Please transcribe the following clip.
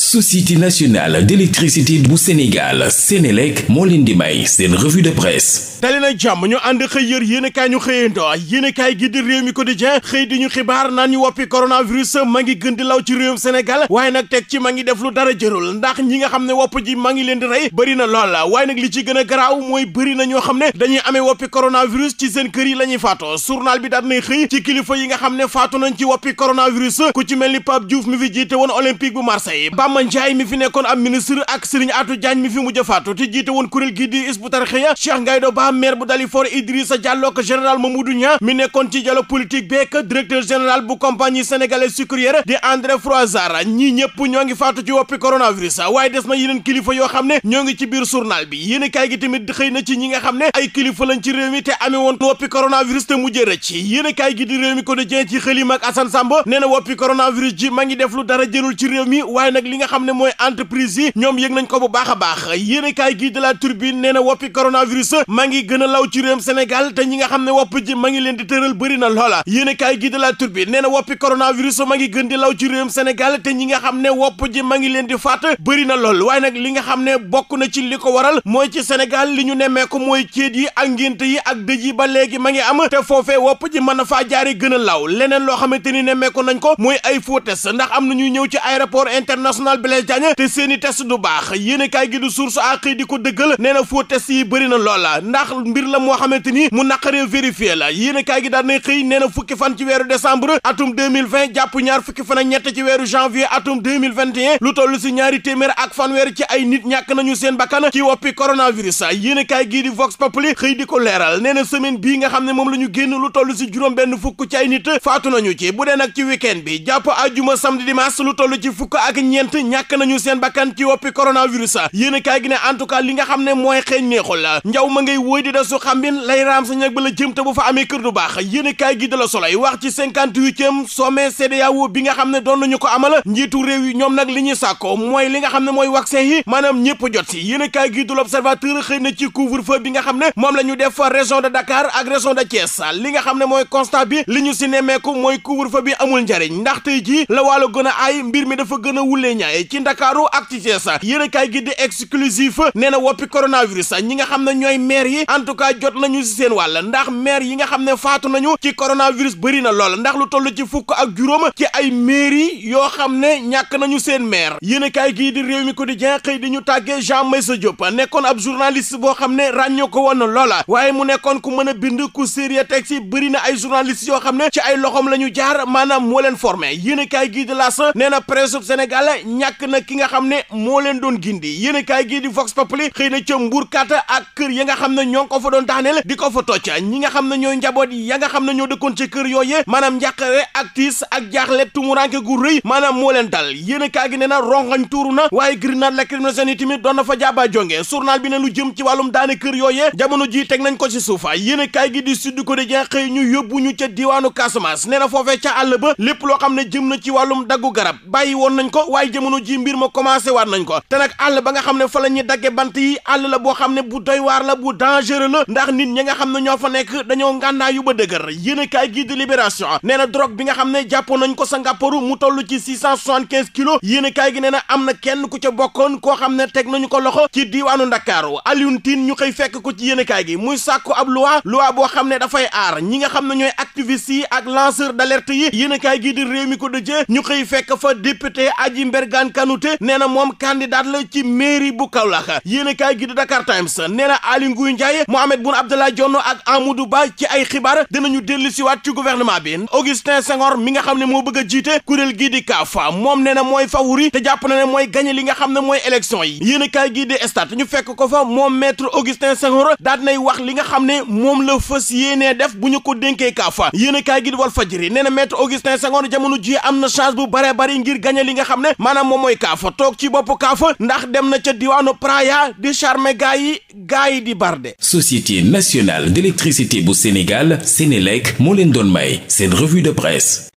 société nationale d'électricité bu Sénégal Sénélec moo leen di may seen revue de presse dali na jàmm ñu ànd xëy yër yéenekaay ñu xëyandoo yéenekaay gi di réew mi quotidien xëy di ñu xibaar naa ñu woppi coronavirus ma ngi gën di law ci réewum Sénégal waaye nag teg ci ma ngi def lu dara jërul ndax ñi nga xam ne wopp ji ma ngi leen di rey bëri na lool waaye nag li ci gën a garaaw mooy bëri na ñoo xam ne dañuy amee woppi coronavirus ci seen kër yi la ñuy faatoo journal bi daal kilifa yi nga xam ne faatu nañ ci woppi mel ni Pape Diouf mi fi jiite woon Ibrahima Ndiaye mi fi nekkoon am ministre ak Serigne Atou Diagne mi fi mujj a faatu te jiite woon kuréel gii di Hizbut Tarqiyyah Cheikh Ngaïdo Ba maire bu Dalifort Idrissa Diallo ak général Mamadou Niang mi nekkoon ci dialogue politique beek directeur général bu compagnie sénégalaise sucrière di André Froissart ñii ñëpp ñoo ngi faatu ci woppi coronavirus waaye des na yeneen kilifa yoo xam ne ñoo ngi ci biir journal bi yéen kaay gi tamit xëy na ci ñi nga xam ne ay kilifa nga xam ne mooy entreprise yi ñoom yëg nañ ko bu baax a baax yéenekaay gi de la Tribune nee na woppi coronavirus maa ngi gën a law ci Sénégal te ñi nga xam ne wopp ji ma ngi leen di tëral bëri na loola yéenekaay gi de la Tribune nee na woppi ma ngi gën di law ci réewum Sénégal te ñi nga xam ne wopp ji ma ngi leen di faat bëri na lool waaye nag li nga xam ne bokk na ci li ko waral mooy ci Sénégal li ñu nemmeeku mooy céet yi ak ngént yi ak dëj yi ba léegi ma ngi am te foofee wopp ji mën na faa jaare gën a law leneen loo xamante ni nemmeeku nañ ko mooy ay faux ndax am na ñuy ñëw ci aéroport international national Blaise te seen test du baax yéen a kaay gi du source a xëy di ko dëggal nee na faux test yi bëri na loola ndax mbir la moo xamante ni mu naqaree vérifier la yéen a kaay gi daan na xëy nee na fukki fan ci weeru décembre atum 2020 jàpp ñaar fukki fan ak ñett ci weeru janvier atum 2021 lu toll si ñaari téeméer ak fanweer ci ay nit ñàkk nañu seen bakkan ci woppi coronavirus yéen a kaay gii di Vox Populi xëy di ko leeral nee na semaine bii nga xam ne moom la ñu génn lu toll si juróom benn fukk ci nit faatu nañu ci bu dee nag ci week lu toll ci fukk ak ñeent ñeent ñàkk ñu seen bakkan ci woppi coronavirus yéen a kaay gi ne en li nga xam ne mooy xeeñ neexul la njaw ma ngay wóoy di desu xambin lay raam sa ñag ba la fa amee kër du baax yéen a kaay gi da la soloy wax ci cinquante-huitième sommet CEDEAO bi nga xam ne doon nañu ko amal njiitu réew yi ñoom nag li ñuy sàkko mooy li nga xam ne mooy vaccin yi maanaam ñëpp jot si yéen a kaay gi du l'observateur xëy na ci couvre-feu bi nga xam ne moom la ñu def région de Dakar ak région de Thiès li nga xam ne mooy constat bi li ñu si nemmeeku mooy couvre-feu bi amul njariñ ndax tey jii la wàllu a aay mbir mi dafa gën a wulee ñaay ci ndakaaru ak ci Thiès yéen a kaay gi di exclusif nee na woppi coronavirus ñi nga xam ne ñooy maire yi en tout cas jot nañu si seen wàll ndax maire yi nga xam ne faatu nañu ci coronavirus bëri na lool ndax lu toll ci fukk ak juróom ci ay mairie yoo xam ne ñàkk nañu seen maire yéen a kaay gii di réew mi quotidien xëy di ñu tàggee Jean Meissa Diop nekkoon ab journaliste boo xam ne ràññoo ko woon loola waaye mu nekkoon ku mën a bind ku sérieux texte yi bëri na ay journaliste yoo xam ne ci ay loxoom la ñu jaar maanaam moo leen formé yéen gii di nee na presse Sénégal ñàkk na ki nga xam ne moo leen doon gindi yéen kaay gii di Vox Populi xëy na ca mbuurkat ak kër ya nga xam ne ñoo ngi ko fa doon daaneel di ko fa tocc ñi nga xam ne ñooy njaboot ya nga xam ne ñoo dëkkoon ci kër yooyee maanaam njàqare ak tiis ak jaaxle tumuranke gu rëy maanaam moo leen dal yéen kaay gi ne na rongañ tuuru na waaye grenade lacrymogène yi tamit doon na fa jaaba jonge journal bi ne lu jëm ci wàllum daane kër yooyee jamono ji teg nañ ko ci suufa yéen kaay gi di Sud Quotidien ñu yóbbu ñu ca diwaanu Casamance nee na foofee ca àll ba lépp loo xam ne jëm na ci wàllum daggu garab bàyyi woon nañ ko jamono ji mbir ma commencé waat nañ ko te nag àll ba nga xam ne fa la ñuy dagge bant yi àll la boo xam ne bu doy waar la bu dangereux ndax nit ñi nga xam ne ñoo fa nekk dañoo ngàndaa yu ba dëgër yéen a kaay gii di libération nee na drogue bi nga xam ne jàppoon nañ ko Singapour mu toll ci six cent soixante-quinze kilos yéen a kaay gi nee na am na kenn ku ca bokkoon koo xam ne teg nañu ko loxo ci diiwaanu Ndakaaru Alioune Tine ñu xëy fekk ko ci yéen a kaay gi muy sàkku ab loi loi boo xam ne dafay aar ñi nga xam ne ñooy ak activistes yi ak lanceur d'alerte yi yéen a kaay gii di réew mi ko dëjee ñu xëy fekk fa député Aji Mbergane Kanouté nee moom candidat la ci mairie bu Kaolack yéen a kaay Dakar Times nee na Aly Ngouille Ndiaye Mohamed Boun Abdallah ak Amadou Ba ci ay xibaar dinañu dellu si waat ci gouvernement bi Augustin Senghor mi nga xam ne moo bëgg a jiite kuréel gii di CAF moom nee na mooy favori te jàpp na ne mooy gagné li nga xam ne a moom la fas yéenee def bu ñu ko dénkee CAF la yéen a kaay gi Walf Fadjri nee na maître Augustin Senghor jamono ji am na chance bu bare bari ngir gagné li nga xam ne maanaam moom mooy kaafa toog ci bopp kaafa ndax dem na ca diwaanu Praia di charmer gaa yi gaa yi di barde Société nationale d'électricité bu Sénégal Sénélec moo leen doon may seen revue de presse